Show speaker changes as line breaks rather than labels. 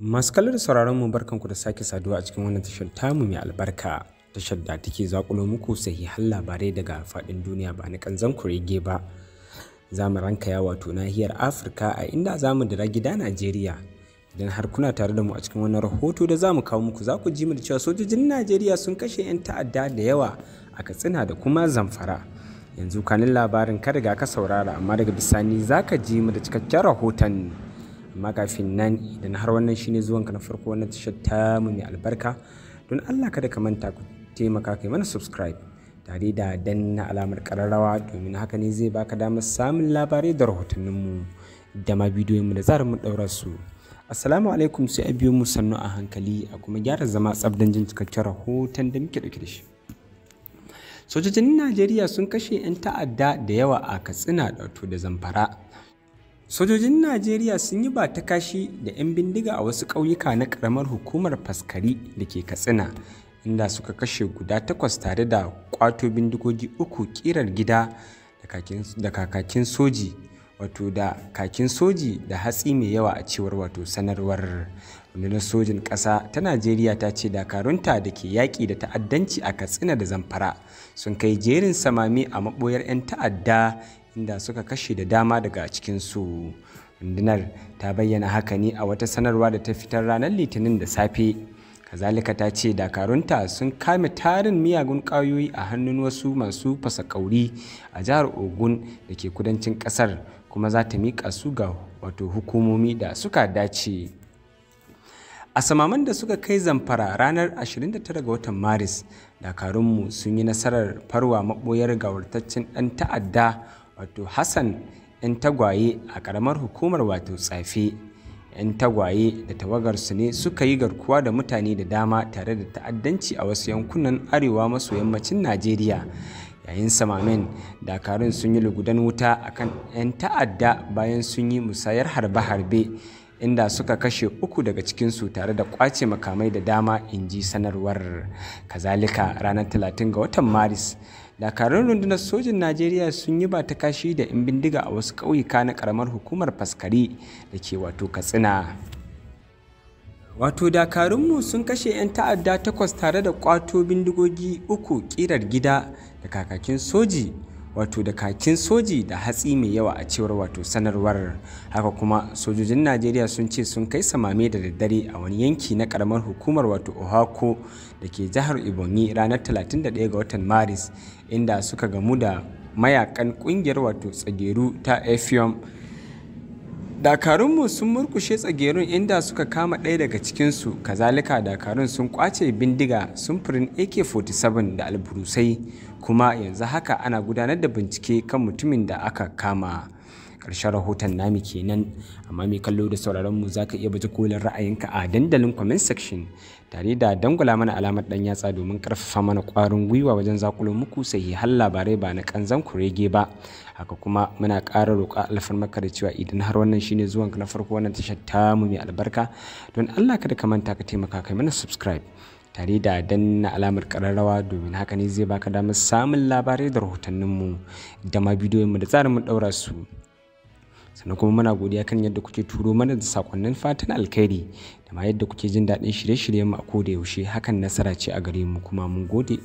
masu kallon sauraron mu barkanku da sake saduwa a cikin wannan tashar tamu mai albarka tashar da take zakulo muku sahihan labarai daga fadin duniya ba na kanzan kurege ba za mu ranka ya wato nahiyar afirka a inda za mu dira gida najeriya idan har kuna tare da mu a cikin wannan rahoto da zamu kawo muku za ku ji mu da cewa sojojin najeriya sun kashe 'yan ta'adda da yawa a katsina da kuma zamfara yanzu kanin labarin ka riga ka saurara amma daga bisani za ka ji mu da cikakken rahoton amma kafin nan idan har wannan shine zuwan ka na farko wannan tashar ta mu mai albarka don allah kada ka manta ku taimaka kai mana subscribe tare da danna alamar kararrawa domin haka ne zai baka damar samun labarai da rahotanninmu da ma bidiyoyinmu da za mu daura su Assalamu alaikum sai a biyo mu sannu a hankali a kuma gyara zama tsabdan jin cikakken rahoton da muke dauke da shi. Sojojin Najeriya sun kashe 'yan ta'adda da yawa a Katsina wato da Zamfara. Sojojin Najeriya sun yi ba ta kashi da 'yan bindiga a wasu ƙauyuka na ƙaramar hukumar Faskari da ke Katsina inda suka kashe guda takwas tare da kwato bindigogi uku ƙirar gida da kakakin soji wato da kakin soji da hatsi mai yawa a cewar wato sanarwar rundunar sojin ƙasa ta najeriya ta ce dakarunta da ke yaƙi da ta'addanci a katsina da zamfara sun kai jerin samami a maɓoyar 'yan ta'adda inda suka kashe da dama daga cikinsu rundunar ta bayyana haka ne a wata sanarwa da ta fitar ranar litinin da safe kazalika ta ce dakarunta sun kame tarin miyagun ƙwayoyi a hannun wasu masu fasa-ƙauri a jihar ogun da ke kudancin ƙasar kuma za ta miƙa su ga wato hukumomi da suka dace a samaman da suka kai zamfara ranar 29 ga watan maris dakarunmu sun yi nasarar farwa maɓoyar gawartaccen ɗan ta'adda wato hassan 'yan tagwaye a ƙaramar hukumar wato tsafe 'yan tagwaye da tawagarsu ne suka yi garkuwa da mutane da dama tare da ta'addanci a wasu yankunan arewa maso yammacin najeriya yayin samamen dakarun sun yi lugudan wuta akan 'yan ta'adda bayan sun yi musayar harbe-harbe inda suka kashe uku daga cikinsu tare da kwace makamai da dama in ji sanarwar kazalika ranar 30 ga watan maris dakarun rundunar sojin najeriya sun yi ba ta kashi da 'yan bindiga a wasu ƙauyuka na karamar hukumar faskari da ke wato katsina wato dakarunmu sun kashe 'yan ta'adda takwas tare da kwato bindigogi uku ƙirar gida da kakakin soji wato da kakin soji da hatsi mai yawa a cewar wato sanarwar haka kuma sojojin najeriya sun ce sun kai samame da daddare a wani yanki na karamar hukumar wato ohako da ke jihar ibonyi ranar 31 ga watan maris inda suka gamu da mayakan kungiyar wato tsageru ta efium dakarunmu sun murkushe tsagerun inda suka kama ɗaya daga cikinsu kazalika dakarun sun kwace bindiga sumfurin ak-47 da alburusai kuma yanzu haka ana gudanar da bincike kan mutumin da aka kama Karshen rahoton namu kenan amma mai kallo da sauraron mu zaka iya baje kolin ra'ayinka a dandalin comment section tare da dangula mana alamar dan yatsa domin karfafa mana kwarin gwiwa wajen zakulo muku sahihan labarai ba na kanzan kurege ba haka kuma muna ƙara roƙa alfarmaka da cewa idan har wannan shine zuwanka na farko wannan tashar mu mai albarka don Allah kada ka manta ka taimaka kai mana subscribe tare da danna alamar kararrawa domin haka ne zai baka damar samun labarai da rahotanninmu da ma bidiyoyinmu da tsarin mu daura su sannan kuma muna godiya kan yadda kuke turo mana da sakonnin fatan alkhairi da ma yadda kuke jin daɗin shirye-shiryen mu a koda yaushe hakan nasara ce a gare mu kuma mun gode